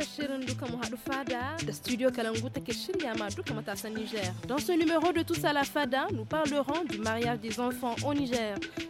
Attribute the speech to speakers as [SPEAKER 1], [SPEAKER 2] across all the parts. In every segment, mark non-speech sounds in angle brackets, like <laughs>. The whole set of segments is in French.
[SPEAKER 1] Dans ce numéro de Tous à la Fada, nous parlerons du mariage des enfants au Niger.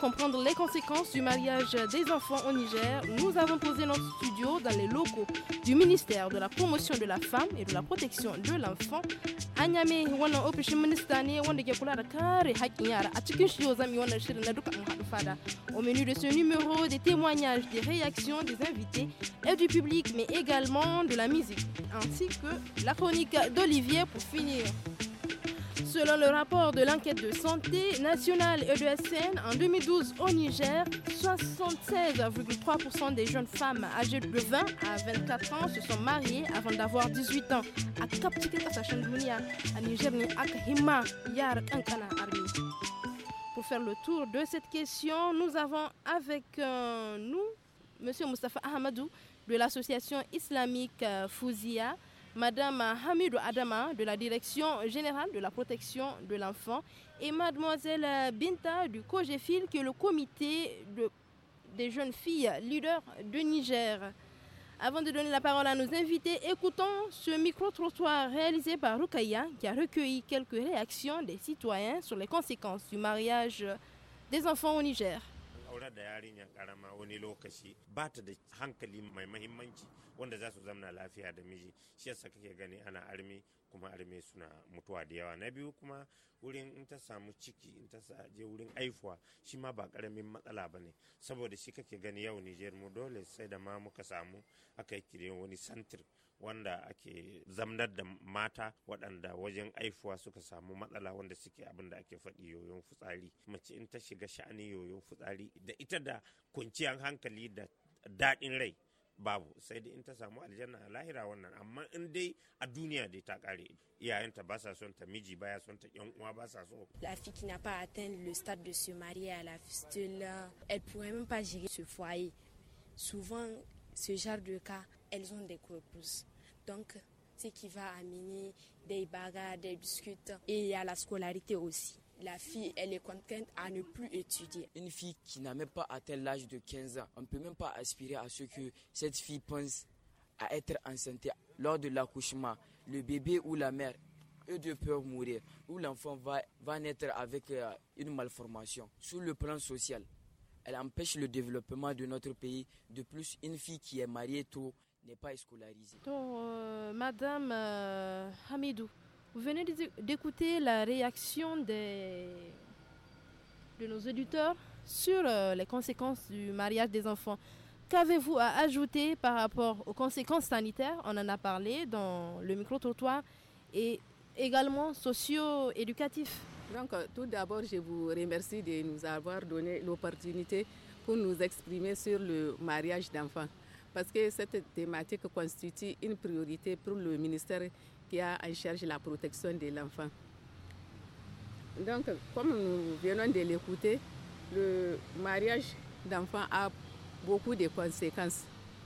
[SPEAKER 1] comprendre les conséquences du mariage des enfants au Niger, nous avons posé notre studio dans les locaux du ministère de la Promotion de la Femme et de la Protection de l'Enfant. Au menu de ce numéro des témoignages, des réactions des invités et du public mais également de la musique ainsi que la chronique d'Olivier pour finir. Selon le rapport de l'enquête de santé nationale EDSN, en 2012 au Niger, 76,3% des jeunes femmes âgées de 20 à 24 ans se sont mariées avant d'avoir 18 ans. A Niger Pour faire le tour de cette question, nous avons avec euh, nous M. Mustafa Ahmadou de l'association islamique euh, Fouzia. Madame Hamidou Adama de la Direction générale de la protection de l'enfant et Mademoiselle Binta du COGEFIL qui est le comité des jeunes filles leaders de Niger. Avant de donner la parole à nos invités, écoutons ce micro-trottoir réalisé par Rukaya qui a recueilli quelques réactions des citoyens sur les conséquences du mariage des enfants au Niger.
[SPEAKER 2] muna da yarinya karama wani lokaci ba ta da hankali mai mahimmanci wanda za su zamna lafiya da miji shi yasa kake gani ana armi kuma armi suna mutuwa da yawa na biyu kuma wurin in ta samu ciki in ta je wurin aifuwa shi ma ba karamin matsala ba ne saboda shi kake gani yau Nijar mu dole sai da ma muka samu aka yi wani santir wanda ake zamnar da mata waɗanda wajen aifuwa suka samu matsala wanda suke abin da ake faɗi yoyon futsari mace in ta shiga sha'anin yoyon futsari da ita da kwanciyar hankali da daɗin rai babu sai dai in ta samu aljanna lahira wannan amma in dai a duniya dai ta kare iyayenta ba sa son ta miji ba ya son ta yan uwa ba sa so
[SPEAKER 1] la fille qui n'a pas atteint le stade de se marier à la fistule elle pourrait même pas gérer ce foyer souvent ce genre de cas elles ont des corpus. Donc, ce qui va amener des bagarres, des biscuits. Et il
[SPEAKER 3] y a la scolarité aussi. La fille,
[SPEAKER 1] elle est contrainte à ne plus étudier.
[SPEAKER 4] Une fille qui n'a même pas atteint l'âge de 15 ans, on ne peut même pas aspirer à ce que cette fille pense à
[SPEAKER 5] être enceinte lors de l'accouchement. Le bébé ou la mère, eux deux peuvent mourir. Ou l'enfant va, va naître avec euh, une malformation. Sur le plan social, elle empêche le développement de notre pays. De plus, une fille qui est mariée tôt n'est pas scolarisé.
[SPEAKER 1] Euh, madame euh, Hamidou, vous venez d'écouter la réaction de nos auditeurs sur euh, les conséquences du mariage des enfants. Qu'avez-vous à ajouter par rapport aux conséquences sanitaires On en a parlé dans le micro-trottoir et également socio-éducatif. Donc, tout d'abord, je vous remercie de nous avoir donné l'opportunité
[SPEAKER 4] pour nous exprimer sur le mariage d'enfants parce que cette thématique constitue une priorité pour le ministère qui a en charge la protection de l'enfant. Donc, comme nous venons de l'écouter, le mariage d'enfants a beaucoup de conséquences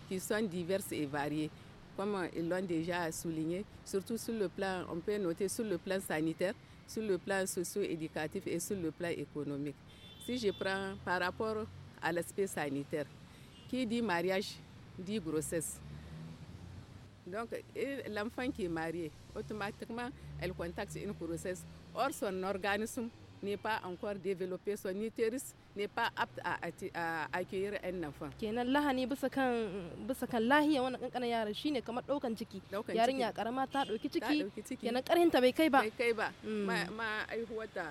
[SPEAKER 4] qui sont diverses et variées. Comme ils l'ont déjà souligné, surtout sur le plan, on peut noter sur le plan sanitaire, sur le plan socio-éducatif et sur le plan économique. Si je prends par rapport à l'aspect sanitaire, qui dit mariage du grossesse. Donc, l'enfant qui est marié, automatiquement, elle contacte une grossesse. Or, son organisme n'est pas encore développé, son utérus n'est pas apte à, à, accueillir un enfant.
[SPEAKER 1] kenan un bisa kan lahiya shine kamar ciki yarinya karama ta dauki ciki bai kai ba bai
[SPEAKER 4] kai ba mm. ma aihuwar da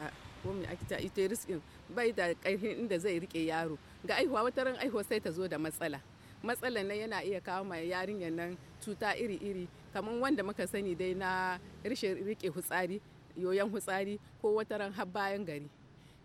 [SPEAKER 4] ko me utérus bai da karhin inda zai riƙe yaro ga aihuwa wata ran sai ta zo da matsala matsalan nan yana iya kawo ma yarinyar nan cuta iri-iri kamar wanda muka sani dai na rishin rike hutsari yoyon hutsari ko wata ran har bayan gari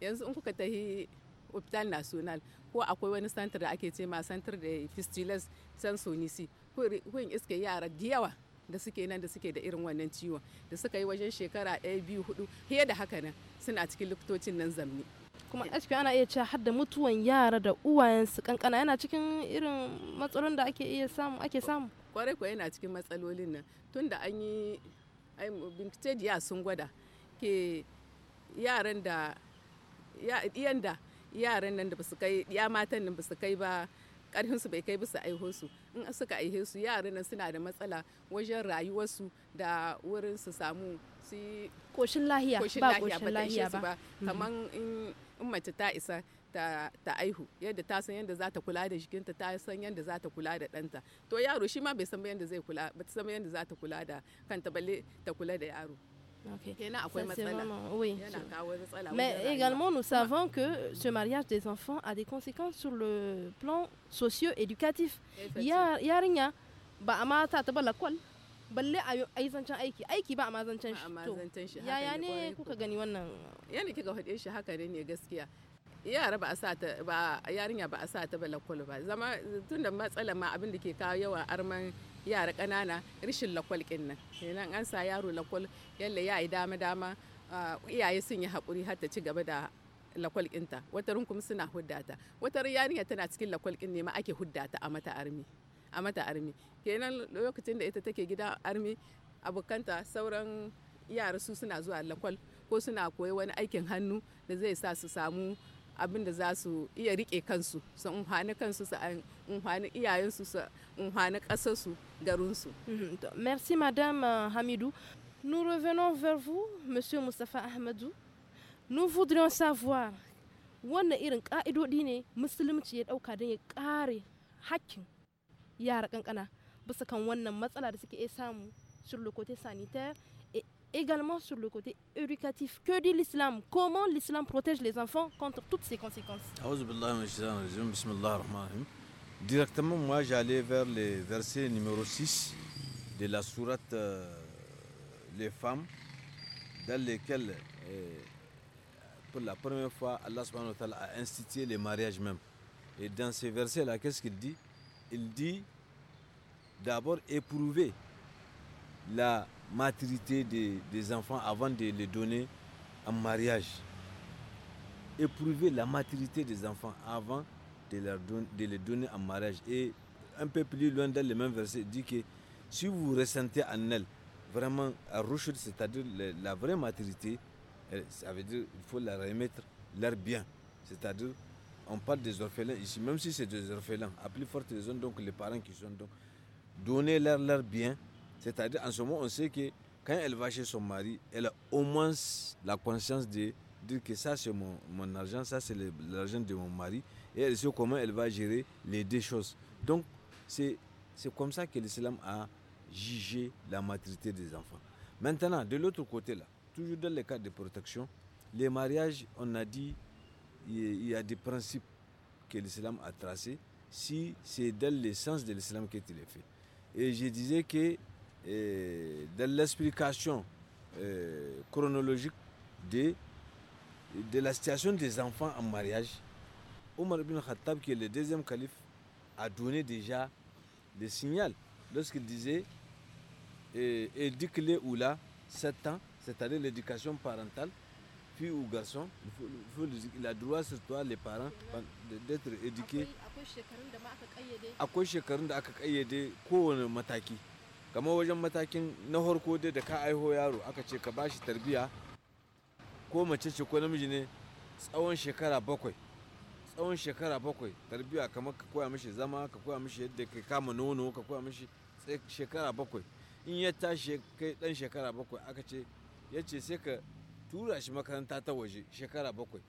[SPEAKER 4] yanzu in kuka tahi hospital national ko akwai wani santar da ake ce ma santar da fistulas sansonisi kun iske yara da yawa da suke nan da suke da irin wannan ciwon da suka yi wajen shekara ɗaya biyu hudu fiye da haka nan suna cikin likitocin nan zamni
[SPEAKER 1] kuma aski ana iya cewa har da mutuwan yara da uwayensu kankana yana cikin irin matsalolin da ake iya samu ake samu
[SPEAKER 4] kwarai kuwa yana cikin matsalolin nan tun da an yi bincike sun gwada ke yaran da iyan da yaran nan da basu kai ya matan nan basu kai ba karfin su bai kai bisa aiho su in suka aihe su yaran nan suna da matsala wajen rayuwarsu da wurin su samu su koshin lahiya ba koshin lahiya ba mm-hmm. kaman in in mace ta isa ta, ta aihu yadda ta san yadda za ta kula da jikinta ta san yadda za ta kula da ɗanta to yaro shi ma bai san yadda zai kula ba ta san yadda za ta kula da kanta balle ta kula da yaro
[SPEAKER 1] Okay. Oui. Mais également, nous savons que ce mariage des enfants a des conséquences sur le plan socio-éducatif. Il y a, il y a rien. balle a yi zancen aiki aiki ba a ma zancen shi to yaya ne kuka gani wannan
[SPEAKER 4] yana kika faɗe shi haka ne ne gaskiya
[SPEAKER 1] yara ba a sa ta ba
[SPEAKER 4] yarinya ba a sa ta ba lakwal ba zama tun da matsala ma abin da ke kawo yawa arman yara ƙanana rishin lakwal kin nan kenan an sa yaro lakwal yalla ya yi dama dama iyaye sun yi haƙuri har ta ci gaba da lakwal ɗinta watarin kuma suna huddata watarin yarinya tana cikin lakwal ɗin ne ma ake huddata a mata armi a mata armi kenan lokacin da ita take gida armi abokanta sauran yara su suna zuwa lakwal ko suna koyi wani aikin hannu da zai sa su samu abin da za su iya rike kansu
[SPEAKER 1] su unhani kansu su unhani iyayensu su unhani ƙasarsu garinsu. Mhm, merci madame euh, hamidu nous revenons vers vous monsieur mustapha ahmadu nous voudrions savoir wannan irin ƙa'idodi ne musulunci ya ɗauka don ya kare hakkin kan wannan sur le côté sanitaire et également sur le côté éducatif. Que dit l'islam Comment l'islam protège les enfants contre toutes ces conséquences
[SPEAKER 5] Directement, moi j'allais vers le verset numéro 6 de la sourate euh, Les femmes, dans lesquelles, euh, pour la première fois, Allah subhanahu wa a institué les mariages même. Et dans ces versets là qu'est-ce qu'il dit il dit d'abord éprouver la maturité des, enfants avant de les donner en mariage. Éprouver la maturité des enfants avant de, les donner en mariage. Et un peu plus loin dans le même verset, il dit que si vous ressentez en elle vraiment à c'est-à-dire la, vraie maturité, ça veut dire qu'il faut la remettre leur bien, c'est-à-dire on parle des orphelins ici, même si c'est des orphelins, à plus forte raison, donc les parents qui sont donc, donner leur, leur bien. C'est-à-dire, en ce moment, on sait que quand elle va chez son mari, elle a au moins la conscience de dire que ça, c'est mon, mon argent, ça, c'est l'argent de mon mari, et elle sait comment elle va gérer les deux choses. Donc, c'est comme ça que l'islam a jugé la maturité des enfants. Maintenant, de l'autre côté, là, toujours dans les cas de protection, les mariages, on a dit, il y a des principes que l'islam a tracés, si c'est dans l'essence de l'islam qu'il est fait. Et je disais que euh, dans l'explication euh, chronologique de, de la situation des enfants en mariage, Omar ibn Khattab, qui est le deuxième calife, a donné déjà des signal lorsqu'il disait euh, éduque-les ou là, 7 ans, c'est-à-dire l'éducation parentale, fille ou garçon, la droit sur toi, les parents, d'être éduqués. Akwai shekarun da aka kayyade kowane mataki. Kamar wajen matakin na harko dai da ka aiho yaro aka ce ka bashi tarbiya ko mace ce ko namiji ne tsawon shekara bakwai. Tsawon shekara bakwai tarbiya kamar ka koya mishi zama, ka koya mishi yadda ka kama nono, ka koya mishi shekara bakwai. In ya tashi kai dan shekara bakwai aka ce ya ce sai ka tura shi makaranta ta waje shekara bakwai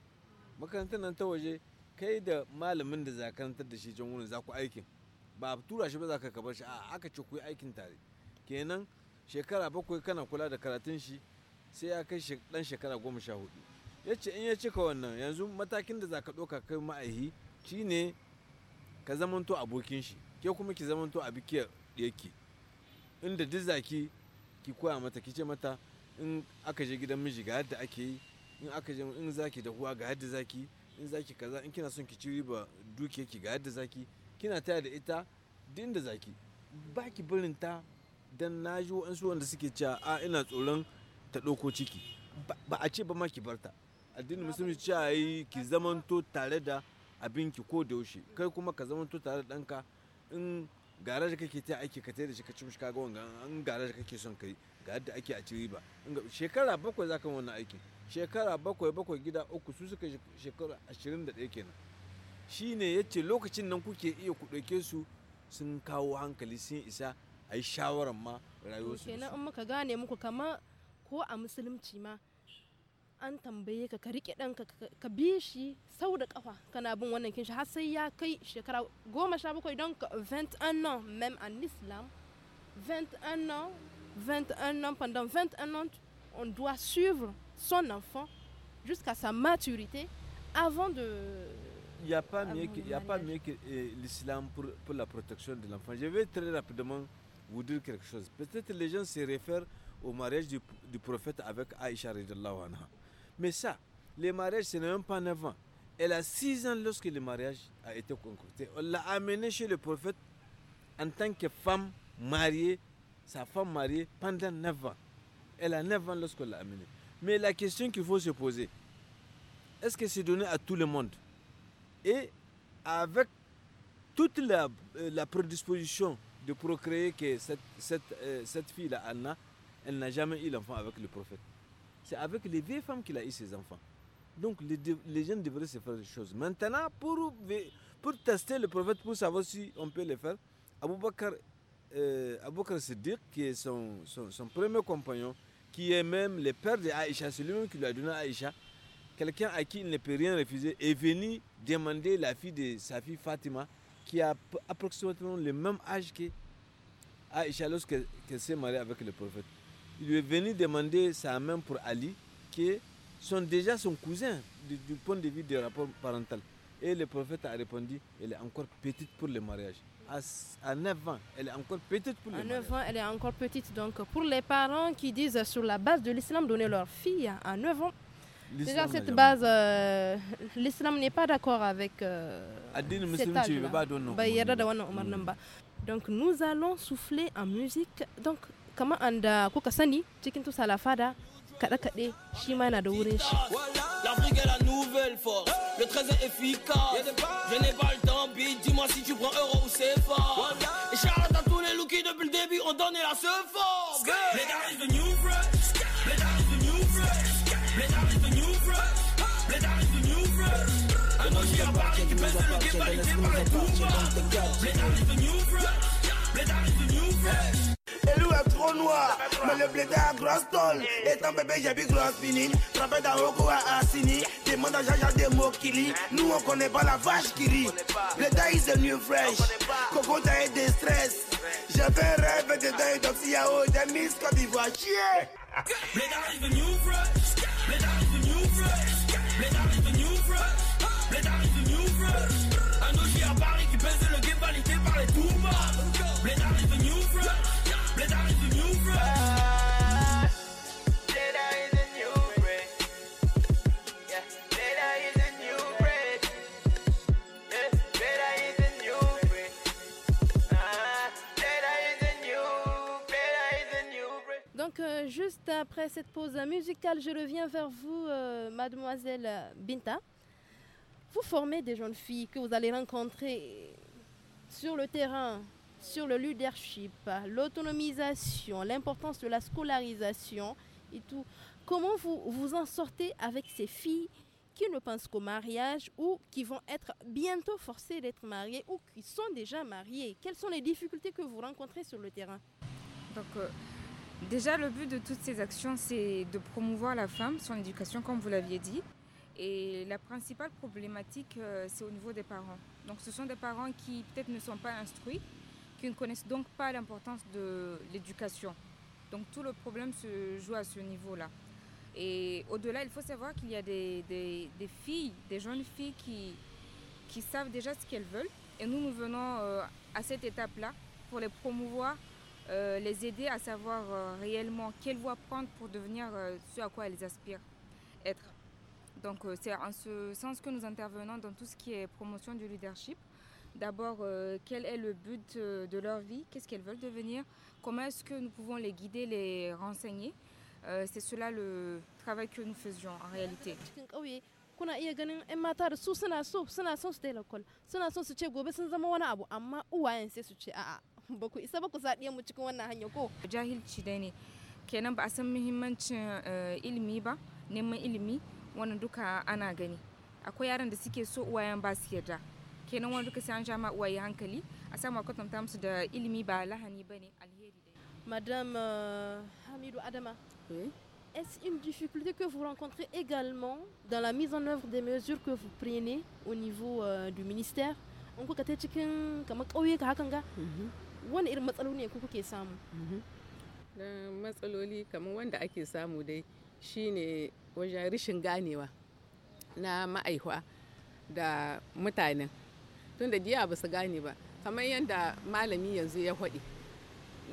[SPEAKER 5] makarantar nan ta waje kai da malamin da za da shi can wurin za ku aikin ba tura shi ba za ka kabar shi a aka ce ku yi aikin tare kenan shekara bakwai kana kula da karatun shi sai ya kai dan shekara goma sha hudu ya ce in ya cika wannan yanzu matakin da za ka ɗauka kai ma'aihi shine ka zamanto abokin shi ke kuma ki zamanto a bikiyar yake inda duk zaki ki koya mata ki ce mata in aka je gidan miji ga yadda ake yi in aka je in zaki ga yadda zaki in zaki kaza in kina son ki ci riba dukiyarki ki ga yadda zaki kina taya da ita din da zaki baki barin ta dan na ji wa'ansu wanda suke cewa a ina tsoron ta ɗauko ciki ba a ce ba ma ki barta addinin musulmi a yi ki zamanto tare da abinki ko da yaushe kai kuma ka zamanto tare da ɗanka in gara da kake ta aiki ka da shi ka ci mishi kaga wanga in gara da kake son kai ga yadda ake a ciri ba shekara bakwai za ka wani aikin shekara bakwai bakwai gida uku su suka shekara ashirin da ɗaya kenan shi ne ya ce lokacin nan kuke iya ku ɗauke su sun kawo hankali sun isa a yi shawarar ma rayuwarsu kenan in
[SPEAKER 1] muka gane muku kama ko a musulunci ma an tambaye ka ka riƙe ɗanka ka bi shi sau da ƙafa kana bin wannan kinshi har sai ya kai shekara goma sha bakwai don ka 21 ans mem an islam 21 ans 21 ans, pendant 21 ans, on doit suivre son enfant jusqu'à sa maturité avant de...
[SPEAKER 5] Il n'y a pas mieux que, a euh, pas l'islam pour, la protection de l'enfant. Je vais très rapidement vous dire quelque chose. Peut-être les gens se réfèrent au mariage du, prophète avec Aïcha anha. Mais ça, les mariages, ce n'est même pas 9 ans. Elle a 6 ans lorsque le mariage a été concocté. On l'a amené chez le prophète en tant que femme mariée sa femme mariée pendant 9 ans. Elle a 9 ans lorsqu'on l'a amenée. Mais la question qu'il faut se poser, est-ce que c'est donné à tout le monde Et avec toute la, euh, la prédisposition de procréer que cette, cette, euh, cette fille-là, Anna, elle n'a jamais eu l'enfant avec le prophète. C'est avec les vieilles femmes qu'il a eu ses enfants. Donc les, jeunes devraient se faire des choses. Maintenant, pour, pour tester le prophète, pour savoir si on peut le faire, Abou Bakr Abou euh, Aboukar Siddiq, qui est son, premier compagnon, qui est même le père d'Aïcha, c'est lui-même qui lui a donné Aïcha, quelqu'un à qui il ne peut rien refuser, est venu demander la fille de sa fille Fatima, qui a approximativement le même âge que Aïcha lorsqu'elle s'est mariée avec le prophète. Il lui est venu demander sa main pour Ali, qui est déjà son cousin du, point de vue du rapport parental. Et le prophète a répondu, elle est encore petite pour le mariage. À, 9 ans, elle est encore petite pour le mariage. À 9
[SPEAKER 1] ans, elle est encore petite. Donc, pour les parents qui disent sur la base de l'islam donner leur fille à 9 ans, Déjà, cette base, euh, l'islam n'est pas d'accord avec euh, hmm. Donc, nous allons souffler en musique. Donc, comment anda euh, kuka sani cikin à la fada kaɗe-kaɗe shi ma da wurin shi.
[SPEAKER 6] est efficace. Je n'ai pas le temps, bitch, dis-moi si tu prends euro ou c'est fort. Et Charlotte à tous les lookies depuis le début, on donne la seule force. the new bread, Let is the new bread, Bleda is the new bread, Let is the new bread. Un à qui pèse le les the new bread, new Et est trop noir, mais le blé gros grosse Et ton bébé, j'ai vu grosse fini, frappé dans Oko à Assini. Demande à Jaja des mots qui lit, nous on connaît pas la vache qui rit. Blé d'un is the new fresh, Coco t'as eu des stress. J'avais rêvé rêve de d'un donc si yao, j'ai mis Côte d'Ivoire, chier. Blé is the new fresh, blé is the new fresh, blé is the new fresh, blé is the new fresh. Un OG à Paris qui pèse le game validé par les tourbats Blé is the new fresh.
[SPEAKER 1] juste après cette pause musicale, je reviens vers vous, euh, mademoiselle Binta. Vous formez des jeunes filles que vous allez rencontrer sur le terrain, sur le leadership, l'autonomisation, l'importance de la scolarisation et tout. Comment vous vous en sortez avec ces filles qui ne pensent qu'au mariage ou qui vont être bientôt forcées d'être mariées ou qui sont déjà mariées Quelles sont les difficultés que vous rencontrez sur le terrain
[SPEAKER 3] Donc, euh, Déjà, le but de toutes ces actions, c'est de promouvoir la femme, son éducation, comme vous l'aviez dit. Et la principale problématique, euh, c'est au niveau des parents. Donc, ce sont des parents qui peut-être ne sont pas instruits, qui ne connaissent donc pas l'importance de l'éducation. Donc, tout le problème se joue à ce niveau-là. Et au-delà, il faut savoir qu'il y a des, filles, des jeunes filles qui, qui savent déjà ce qu'elles veulent. Et nous, nous venons euh, à cette étape-là pour les promouvoir euh, les aider à savoir euh, réellement quelle voie prendre pour devenir euh, ce à quoi elles aspirent être. Donc c'est en ce sens que nous intervenons dans tout ce qui est promotion du leadership. D'abord, quel est le but de leur vie, qu'est-ce qu'elles veulent devenir, comment est-ce que nous pouvons les guider, les renseigner. c'est cela le travail que nous faisions en réalité.
[SPEAKER 1] <laughs> ba ku isa ba ku sa mu cikin wannan hanya
[SPEAKER 3] ko jahilci dai ne kenan ba a san muhimmancin eh, ilimi ba neman ilimi wannan duka ana gani akwai yaran da suke so uwayen ba su yarda kenan wani duka sai an jama uwaye hankali a sama kwatanta musu da ilimi ba lahani ba ne alheri dai madam euh, hamidu Adama Est-ce une difficulté que vous rencontrez
[SPEAKER 1] également dans la mise en œuvre des mesures que vous prenez au niveau euh, du ministère? Mm -hmm. wani irin matsaloli ne ku kuke samu mhm.
[SPEAKER 4] matsaloli kamar wanda ake samu dai shine wajen rishin ganewa na ma'aihwa da mutanen tun da diya ba su gane ba kamar yadda malami yanzu ya haɗi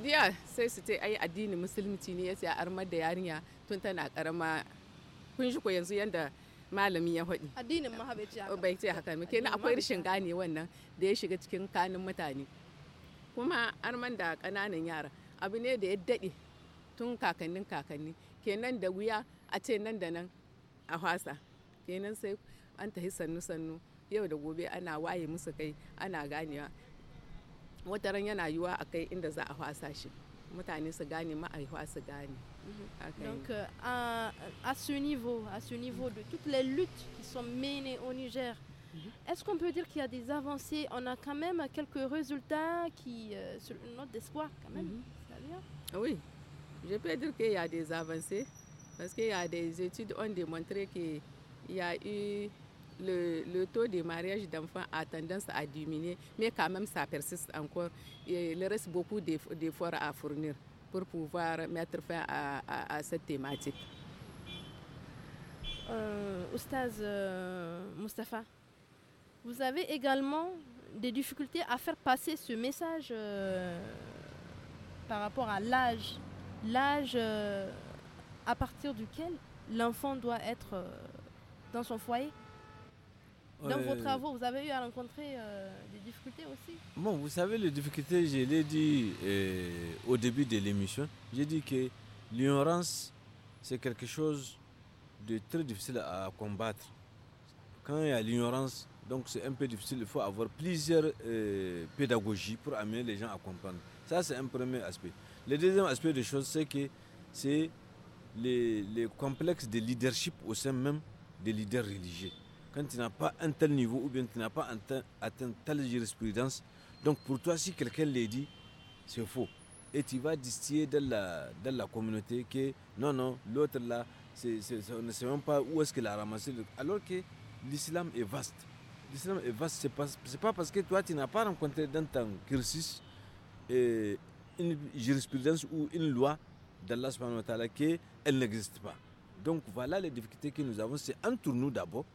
[SPEAKER 4] diya sai su ce ai addinin musulunci ne ya ce armar da yarinya tun tana karama kun shi ko yanzu yadda malami ya haɗi addinin ma haka bai ce haka kenan akwai rishin gane wannan da ya shiga cikin kanin mutane kuma arman da ƙananan yara abu ne da ya daɗe tun kakannin kakanni kenan da wuya a ce nan da nan a hwasa kenan sai an tahi sannu sannu yau da gobe ana waye musu kai ana ganewa ran yana yiwa a kai inda za a hwasa shi mutane su gane ma'aikwa su gane.
[SPEAKER 1] Mhm. Donc euh, à ce niveau, à ce niveau de toutes les luttes qui sont menées au Niger, Mhm. Est-ce qu'on peut dire qu'il y a des avancées On a quand même quelques résultats qui, euh, sur une note d'espoir quand même. Mhm. Hein.
[SPEAKER 4] Ah oui, je peux dire qu'il y a des avancées parce qu'il y a des études ont démontré qu'il y a eu le, taux de mariage d'enfants a tendance à diminuer, mais quand même ça persiste encore. Et il reste beaucoup d'efforts à fournir pour pouvoir mettre fin à, cette thématique.
[SPEAKER 1] Euh, Oustaz euh, vous avez également des difficultés à faire passer ce message euh, par rapport à l'âge. L'âge euh, à partir duquel l'enfant doit être euh, dans son foyer.
[SPEAKER 5] Dans vos travaux,
[SPEAKER 1] vous avez eu à rencontrer des difficultés aussi
[SPEAKER 5] Bon, vous savez, les difficultés, je l'ai dit au début de l'émission. J'ai dit que l'ignorance, c'est quelque chose de très difficile à combattre. Quand il y a l'ignorance, donc c'est un peu difficile, il faut avoir plusieurs euh, pédagogies pour amener les gens à comprendre. Ça, c'est un premier aspect. Le deuxième aspect des choses, c'est que c'est les, complexe complexes de leadership au sein même des leaders religieux. Quand tu n'as pas un tel niveau ou bien tu n'as pas atteint, atteint telle jurisprudence, donc pour toi, si quelqu'un l'a dit, c'est faux. Et tu vas distiller dans la, la communauté que non, non, l'autre là, on ne sait même pas où est-ce qu'il a ramassé. Alors que l'islam est vaste c'est est vaste, pas, parce que toi, tu n'as pas rencontré dans ton cursus euh, une jurisprudence ou une loi d'Allah subhanahu wa ta'ala qu'elle n'existe pas. Donc voilà les difficultés que nous avons. C'est entre nous d'abord.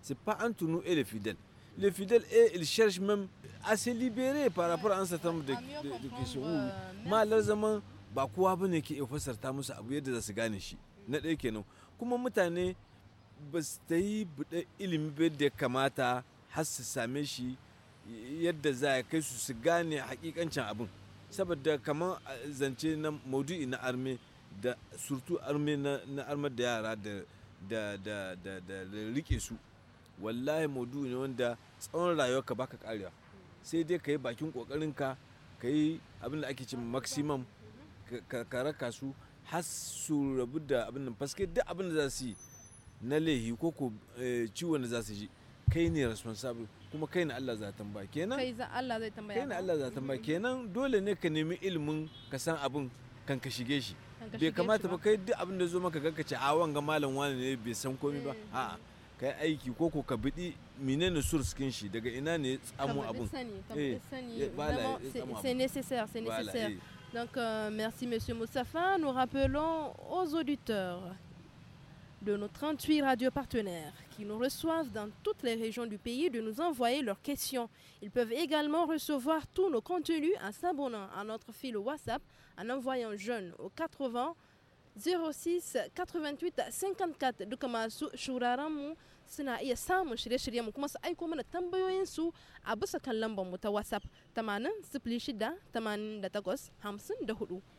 [SPEAKER 5] c'est pas entre nous et les fidèles. Les fidèles, et, ils cherchent même à se libérer par rapport à un certain nombre de, de, de questions. Euh, Malheureusement, ba kowa qui ne ke certains fassarta musu abu yadda za su gane shi na ɗaya kenan kuma mutane ba su ta yi buɗe ilimi ba da kamata har same shi yadda za a kai su su gane hakikancin abin saboda kamar zance na maudu'i na arme da surtu arme na armar da yara da rike su wallahi maudu'i ne wanda tsawon rayuwarka baka karewa sai dai ka yi bakin kokarinka ka yi abin da ake ce maximum ka raka su har su rabu da abin nan faske duk abin da za su yi na lehi ko ko eh, ciwon da za su yi. kai ne responsible kuma kai ne Allah za ba kenan kai
[SPEAKER 1] za Allah zai tambaya kai ne Allah
[SPEAKER 5] za ba mm. kenan dole ne ka nemi ilimin ka san abin kan ka shige shi bai kamata ba kai duk abin da zo maka ganka ce a wanga malam wani ne bai san komai ba mm. a a kai aiki ko ko ka bidi menene source kin shi daga ina ne tsamo abun eh
[SPEAKER 1] voilà c'est nécessaire c'est nécessaire eh. donc euh, merci monsieur Moussafa nous rappelons aux auditeurs de nos 38 radios partenaires qui nous reçoivent dans toutes les régions du pays de nous envoyer leurs questions. Ils peuvent également recevoir tous nos contenus en s'abonnant à notre fil WhatsApp en envoyant jeune au 80 06 88 54 de Kamasu Shuraramu suna iya samun shirye-shirye mu kuma su mana a bisa mu ta WhatsApp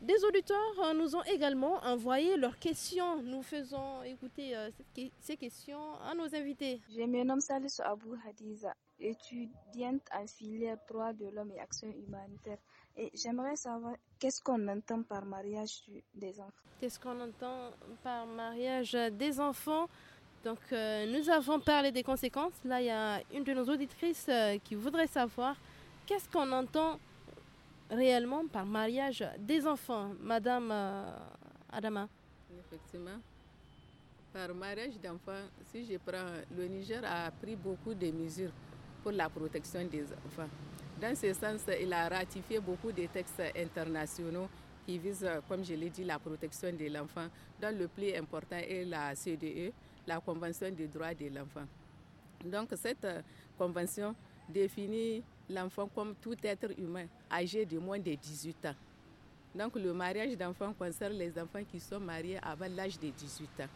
[SPEAKER 1] Des auditeurs euh, nous ont également envoyé leurs questions. Nous faisons écouter euh, ces questions à nos invités. Je me nomme Salisu Abou Hadiza, étudiante en
[SPEAKER 3] filière droit de l'homme et action humanitaire. Et j'aimerais savoir qu'est-ce qu'on entend par mariage des enfants.
[SPEAKER 1] Qu'est-ce qu'on entend par mariage des enfants donc, euh, nous avons parlé des conséquences. Là, il y a une de nos auditrices euh, qui voudrait savoir qu'est-ce qu'on entend réellement par mariage des enfants, Madame euh, Adama. Effectivement.
[SPEAKER 4] Par mariage d'enfants, si je prends, le Niger a pris beaucoup de mesures pour la protection des enfants. Dans ce sens, il a ratifié beaucoup de textes internationaux qui visent, comme je l'ai dit, la protection de l'enfant, dont le plus important est la CDE, la Convention des droits de l'enfant. Donc cette euh, convention définit l'enfant comme tout être humain âgé de moins de 18 ans. Donc le mariage d'enfants concerne les enfants qui sont mariés avant l'âge de 18 ans.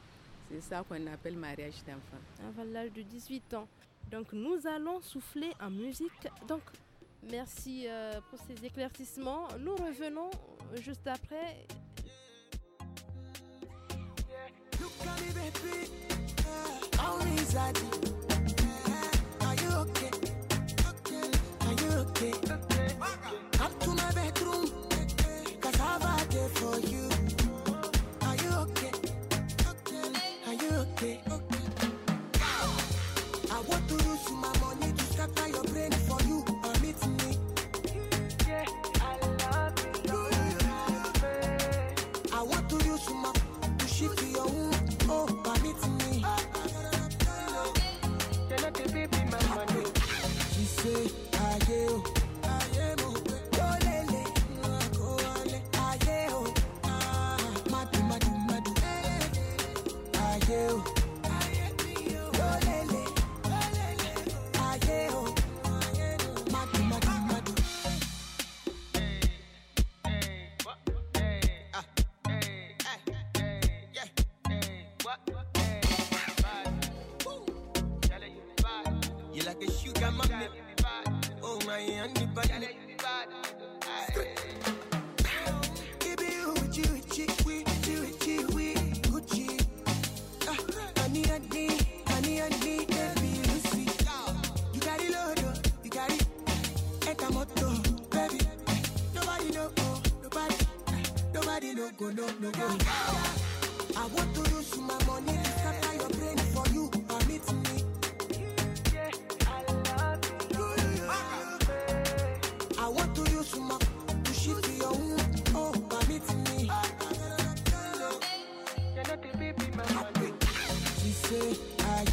[SPEAKER 4] C'est ça qu'on appelle mariage
[SPEAKER 1] d'enfants. Avant l'âge de 18 ans. Donc nous allons souffler en musique. Donc merci euh, pour ces éclaircissements. Nous revenons juste après
[SPEAKER 6] Come to my bedroom. I'm Oh my, i the bad. Baby, with you, Gucci. Ah, baby, Lucy. You you motto, baby. Nobody go, nobody, nobody no go, no, no go. I want to use my money to satisfy your brain for you, permit me.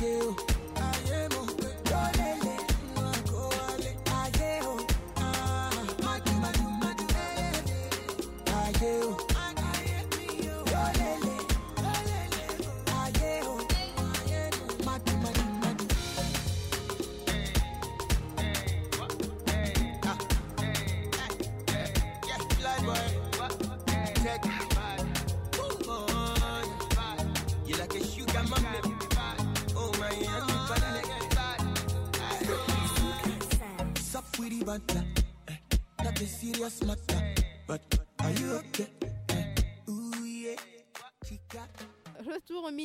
[SPEAKER 6] you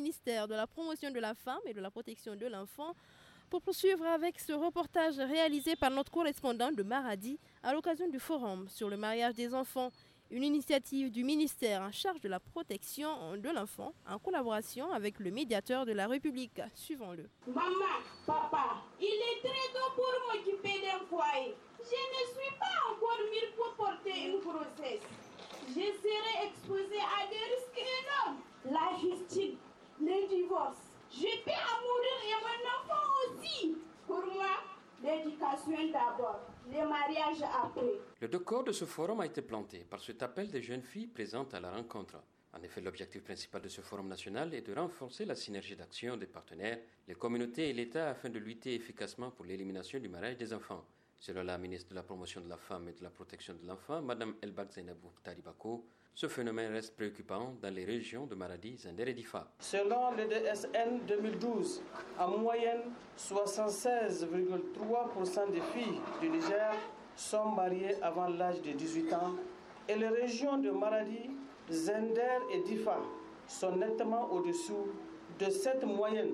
[SPEAKER 1] ministère de la Promotion de la Femme et de la Protection de l'Enfant pour poursuivre avec ce reportage réalisé par notre correspondant de Maradi à l'occasion du forum sur le mariage des enfants, une initiative du ministère en charge de la protection de l'enfant en collaboration avec le médiateur de la République. Suivons-le. Maman, papa, il est très tôt pour m'occuper d'un foyer. Je ne suis pas encore mûre pour porter une grossesse. Je serai exposée à des risques énormes. La justice les divorces, j'ai mourir et mon enfant aussi. Pour moi, l'éducation d'abord,
[SPEAKER 4] le mariage après.
[SPEAKER 7] Le décor de ce forum a été planté par cet appel des jeunes filles présentes à la rencontre. En effet, l'objectif principal de ce forum national est de renforcer la synergie d'action des partenaires, les communautés et l'État afin de lutter efficacement pour l'élimination du mariage des enfants. Selon la ministre de la Promotion de la Femme et de la Protection de l'Enfant, Mme Elbak Zainabou Taribako. Ce phénomène reste préoccupant dans les régions de Maradi, Zender et Difa.
[SPEAKER 5] Selon le DSN 2012, en moyenne, 76,3% des filles du Niger sont mariées avant l'âge de 18 ans et les régions de Maradi, Zender et Difa sont nettement au-dessous de cette moyenne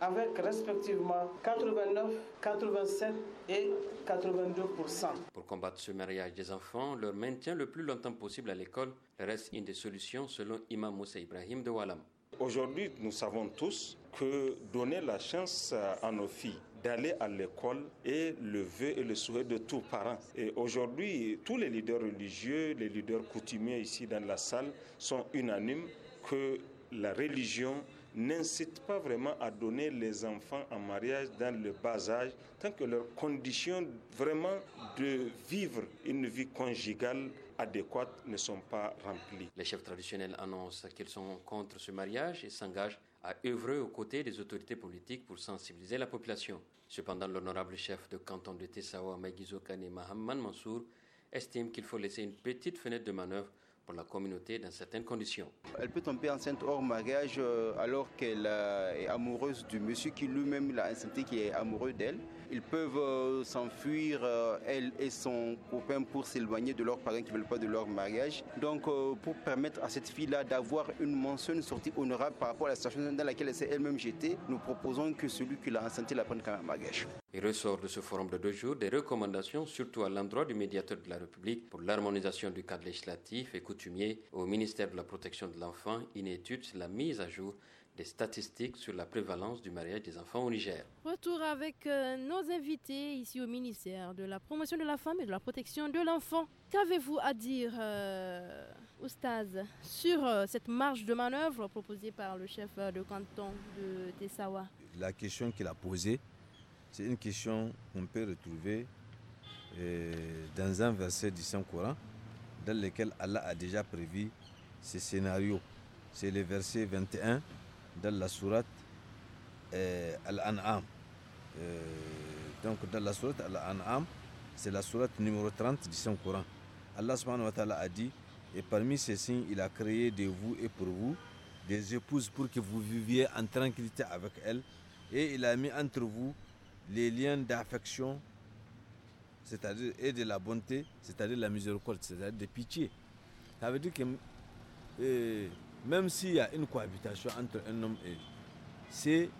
[SPEAKER 5] avec respectivement 89, 87 et 82%.
[SPEAKER 7] Pour combattre ce mariage des enfants, leur maintien le plus longtemps possible à l'école reste une des solutions selon Imam Moussa Ibrahim de Walam. Aujourd'hui, nous savons tous que donner la chance à nos filles d'aller à l'école est le vœu et le souhait de
[SPEAKER 5] tous parents. Et aujourd'hui, tous les leaders religieux, les leaders coutumiers ici dans la salle sont unanimes que la religion n'incite pas vraiment à donner les enfants en mariage dans le bas âge tant que leurs conditions vraiment
[SPEAKER 7] de vivre une vie conjugale adéquate ne sont pas remplies. Les chefs traditionnels annoncent qu'ils sont contre ce mariage et s'engagent à œuvrer aux côtés des autorités politiques pour sensibiliser la population. Cependant, l'honorable chef de canton de Tessawa, Maïgizo Kane Mahamman Mansour, estime qu'il faut laisser une petite fenêtre de manœuvre pour la communauté dans certaines conditions.
[SPEAKER 5] Elle peut tomber enceinte hors mariage euh, alors qu'elle euh, est amoureuse du monsieur qui lui-même l'a enceinte, qui est amoureux d'elle ils peuvent euh, s'enfuir, euh, elle et son copain, pour s'éloigner de leurs parents qui ne veulent pas de leur mariage. Donc, euh, pour permettre à cette fille-là d'avoir une mention, une sortie honorable par rapport à la situation dans laquelle elle s'est elle-même jetée, nous proposons que celui qui l'a enceinte la prenne comme un mariage.
[SPEAKER 7] Il ressort de ce forum de deux jours des recommandations, surtout à l'endroit du médiateur de la République pour l'harmonisation du cadre législatif et coutumier au ministère de la Protection de l'Enfant, une étude la mise à jour des statistiques sur la prévalence du mariage des enfants au Niger.
[SPEAKER 1] Retour avec euh, nos invités ici au ministère de la promotion de la femme et de la protection de l'enfant. Qu'avez-vous à dire, euh, Oustaz, sur euh, cette marge de manœuvre proposée par le chef de canton de Tessawa
[SPEAKER 5] La question qu'il a posée, c'est une question qu'on peut retrouver dans un verset du Saint-Coran dans lequel Allah a déjà prévu ce scénario. C'est le verset 21 dans la sourate Al-An'am. donc dans la sourate Al-An'am, c'est la sourate numéro 30 du Saint-Coran. Allah subhanahu wa ta'ala a dit, et parmi ces signes, il a créé de vous et pour vous des épouses pour que vous viviez en tranquillité avec elles, et il a mis entre vous les liens d'affection c'est-à-dire et de la bonté, c'est-à-dire la miséricorde, c'est-à-dire de pitié. Ça veut dire que euh, même s'il y a une cohabitation entre un homme et c'est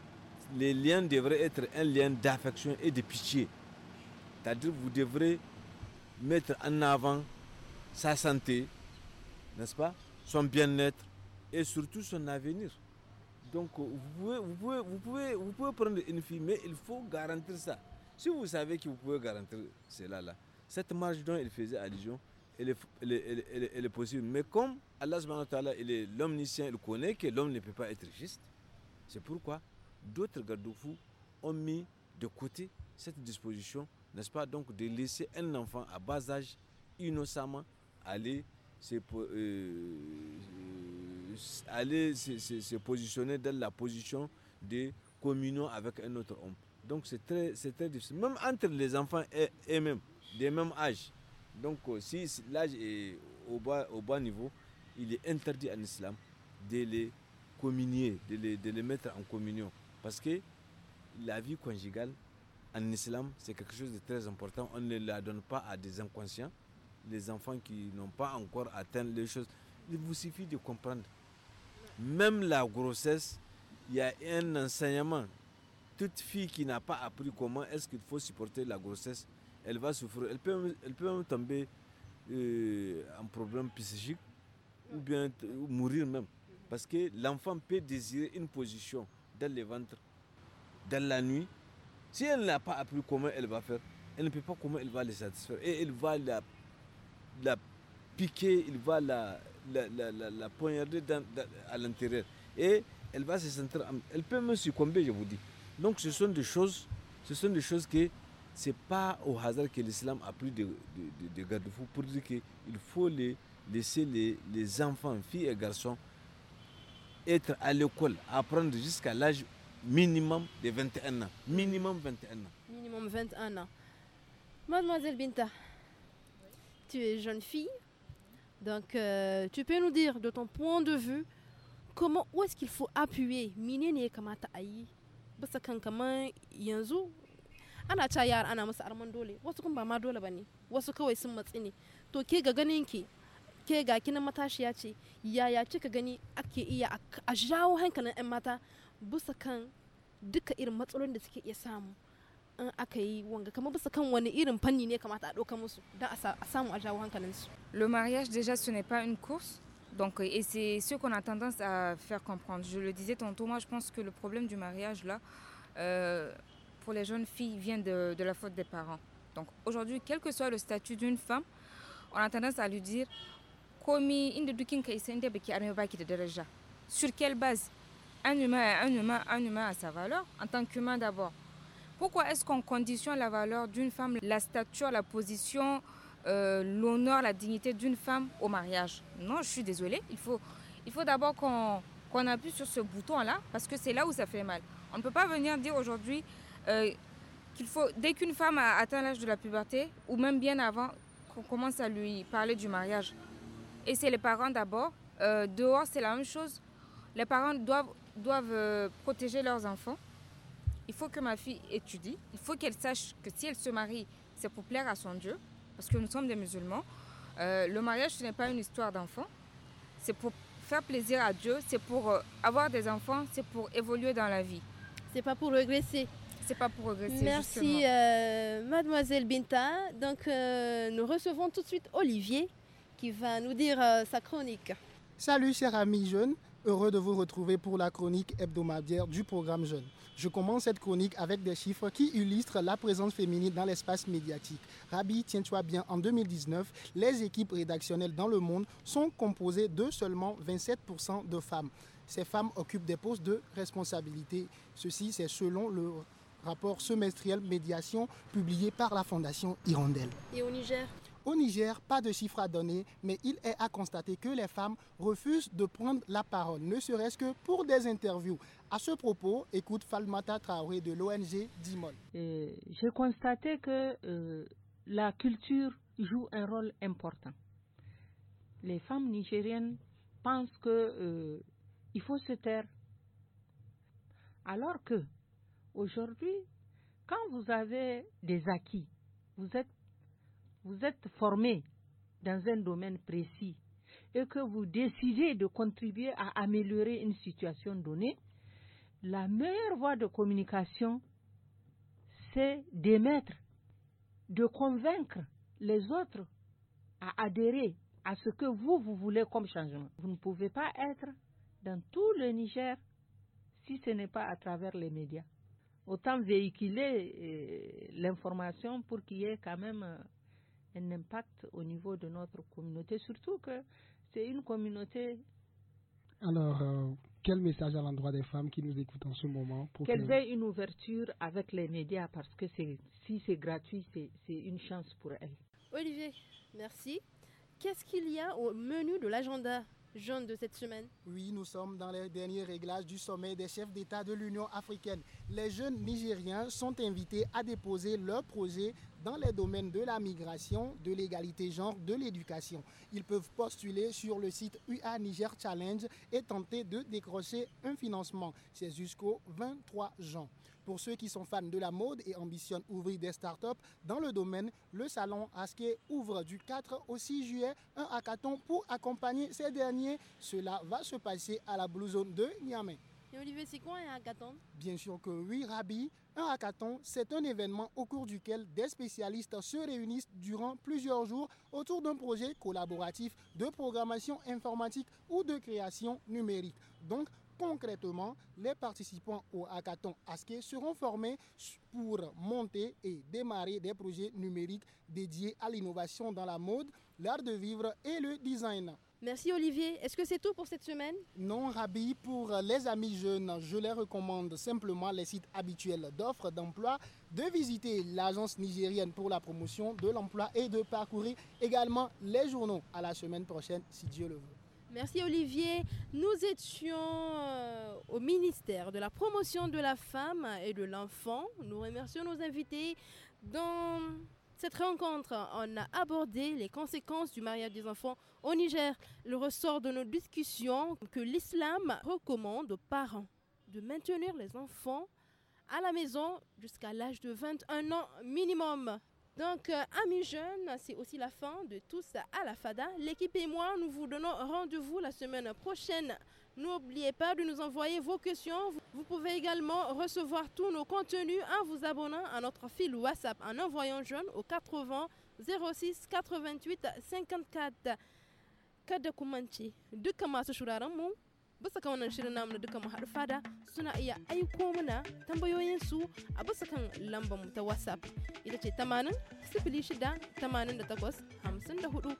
[SPEAKER 5] les liens devraient être un lien d'affection et de pitié. C'est-à-dire vous devrez mettre en avant sa santé, n'est-ce pas, son bien-être et surtout son avenir. Donc vous pouvez, vous, pouvez, vous, pouvez, vous pouvez prendre une fille, mais il faut garantir ça. Si vous savez que vous pouvez garantir cela, là, cette marge dont il faisait allusion, elle est, possible. Mais comme Allah subhanahu wa ta'ala, il est l'omniscient, il connaît que l'homme ne peut pas être juste, c'est pourquoi d'autres garde ont mis de côté cette disposition, n'est-ce pas, donc de laisser un enfant à bas âge, innocemment, aller se, euh, euh, aller positionner dans la position de communion avec un autre homme. Donc c'est très, très difficile. Même entre les enfants eux-mêmes, des mêmes âges, donc euh, si l'âge est au bas, niveau, il est interdit en islam de les communier, de les, de les mettre en communion. Parce que la vie conjugale en islam, c'est quelque chose de très important. On ne la donne pas à des inconscients, les enfants qui n'ont pas encore atteint les choses. Il vous suffit de comprendre. Même la grossesse, il y a un enseignement. Toute fille qui n'a pas appris comment est-ce qu'il faut supporter la grossesse, elle va souffrir. Elle peut, elle peut même tomber euh, en problème psychique ou bien mourir même. Parce que l'enfant peut désirer une position dans le ventre, dans la nuit. Si elle n'a pas appris comment elle va faire, elle ne peut pas comment elle va le satisfaire. Et elle va la, la piquer, il va la, la, la, la, poignarder à l'intérieur. Et elle va se sentir... Elle peut même succomber, je vous dis. Donc ce sont des choses, ce sont des choses que ce n'est pas au hasard que l'islam a pris de, de, garde-fous pour dire qu'il faut laisser les, enfants, filles et garçons, être à l'école, apprendre jusqu'à l'âge minimum de 21 ans. Minimum 21 ans.
[SPEAKER 1] Minimum 21 ans. Mademoiselle Binta, tu es jeune fille, donc euh, tu peux nous dire de ton point de vue comment où est-ce qu'il faut appuyer Mine ni kamata ayi. Basa yanzu ana ca yara ana musu arman dole wasu kuma ba ma dole ba ne wasu kawai sun matsi ne to ke ga ganin ki ke ga kinan ya ce yaya kika gani ake iya a jawo hankalin 'yan mata bisa kan duka irin matsalolin da suke iya samu in aka yi wanga kamar bisa kan wani irin fanni ne kamata
[SPEAKER 3] a ɗauka musu don a samu a jawo su Le mariage déjà ce n'est pas une course Donc, et c'est ce qu'on a tendance à faire comprendre. Je le disais tantôt, moi je pense que le problème du mariage là, euh, les jeunes filles vient de, la faute des parents. Donc aujourd'hui, quel que soit le statut d'une femme, on a tendance à lui dire sur quelle base un humain un humain, un humain a sa valeur, en tant qu'humain d'abord. Pourquoi est-ce qu'on conditionne la valeur d'une femme, la stature, la position, euh, l'honneur, la dignité d'une femme au mariage Non, je suis désolée, il faut, il faut d'abord qu'on appuie sur ce bouton-là, parce que c'est là où ça fait mal. On ne peut pas venir dire aujourd'hui, euh, qu'il faut, dès qu'une femme a atteint l'âge de la puberté, ou même bien avant, qu'on commence à lui parler du mariage. Et c'est les parents d'abord. Euh, dehors, c'est la même chose. Les parents doivent, doivent euh, protéger leurs enfants. Il faut que ma fille étudie. Il faut qu'elle sache que si elle se marie, c'est pour plaire à son Dieu, parce que nous sommes des musulmans. le mariage, ce n'est pas une histoire d'enfant. C'est pour faire plaisir à Dieu, c'est pour avoir des enfants, c'est pour évoluer dans la vie. C'est pas pour regresser c'est pas pour progresser. Merci,
[SPEAKER 1] euh, mademoiselle Binta. Donc, euh, nous recevons tout de suite Olivier qui va nous dire euh, sa chronique.
[SPEAKER 2] Salut, chers amis jeunes. Heureux de vous retrouver pour la chronique hebdomadaire du programme Jeunes. Je commence cette chronique avec des chiffres qui illustrent la présence féminine dans l'espace médiatique. Rabi, tiens-toi bien, en 2019, les équipes rédactionnelles dans le monde sont composées de seulement 27% de femmes. Ces femmes occupent des postes de responsabilité. Ceci, c'est selon le rapport semestriel médiation publié par la Fondation Hirondelle. Et au Niger au Niger, pas de chiffres à donner, mais il est à constater que les femmes refusent de prendre la parole, ne serait-ce que pour des interviews. À ce propos, écoute Falmata Traoré de l'ONG Dimol. Euh, j'ai constaté que euh, la
[SPEAKER 8] culture joue un rôle important. Les femmes nigériennes pensent qu'il euh, faut se taire, alors que Aujourd'hui, quand vous avez des acquis, vous êtes, formé dans un domaine précis et que vous décidez de contribuer à améliorer une situation donnée, la meilleure voie de communication, c'est d'émettre, de convaincre les autres à adhérer à ce que vous, vous voulez comme changement. Vous ne pouvez pas être dans tout le Niger si ce n'est pas à travers les médias autant véhiculer euh, l'information pour qu'il y ait quand même euh, un impact au niveau de notre communauté, surtout que c'est une communauté.
[SPEAKER 2] Alors, euh, quel message à l'endroit des femmes qui nous écoutent en ce moment Qu'elles aient
[SPEAKER 8] une ouverture avec les médias parce que si c'est gratuit, c'est une chance pour
[SPEAKER 2] elles. Olivier, merci. Qu'est-ce qu'il y a au menu de l'agenda Jeunes de cette semaine Oui, nous sommes dans les derniers réglages du sommet des chefs d'État de l'Union africaine. Les jeunes Nigériens sont invités à déposer leurs projets dans les domaines de la migration, de l'égalité genre, de l'éducation. Ils peuvent postuler sur le site UA Niger Challenge et tenter de décrocher un financement. C'est jusqu'au 23 juin. Pour ceux qui sont fans de la mode et ambitionnent ouvrir des startups dans le domaine, le salon Aske ouvre du 4 au 6 juillet un hackathon pour accompagner ces derniers. Cela va se passer à la Blue Zone de Niamey.
[SPEAKER 1] Et Olivier, c'est quoi un hackathon
[SPEAKER 2] Bien sûr que oui, Rabi. Un hackathon, c'est un événement au cours duquel des spécialistes se réunissent durant plusieurs jours autour d'un projet collaboratif de programmation informatique ou de création numérique. Donc, Concrètement, les participants au hackathon ASKE seront formés pour monter et démarrer des projets numériques dédiés à l'innovation dans la mode, l'art de vivre et le design. Merci Olivier. Est-ce que c'est tout pour cette semaine Non, Rabi, pour les amis jeunes, je les recommande simplement les sites habituels d'offres d'emploi, de visiter l'agence nigérienne pour la promotion de l'emploi et de parcourir également les journaux. À la semaine prochaine, si Dieu le veut.
[SPEAKER 1] Merci Olivier. Nous étions euh, au ministère de la promotion de la femme et de l'enfant. Nous remercions nos invités. Dans cette rencontre, on a abordé les conséquences du mariage des enfants au Niger. Le ressort de nos discussions que l'islam recommande aux parents de maintenir les enfants à la maison jusqu'à l'âge de 21 ans minimum. Donc, euh, amis jeunes, c'est aussi la fin de tous à la FADA. L'équipe et moi, nous vous donnons rendez-vous la semaine prochaine. N'oubliez pas de nous envoyer vos questions. Vous pouvez également recevoir tous nos contenus en vous abonnant à notre fil WhatsApp en envoyant jeune au 80 06 88 54. 4 de Deux de bisa kan wannan shirin namu na duka mu haɗu fada suna iya aiko mana tambayoyinsu a bisa kan lambar mu ta whatsapp ita ce 80 6 88 54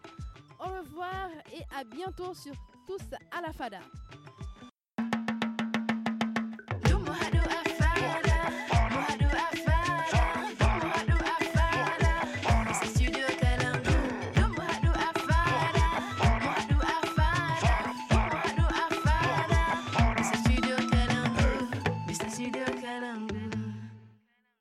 [SPEAKER 1] au revoir et à bientôt sur tous à la fada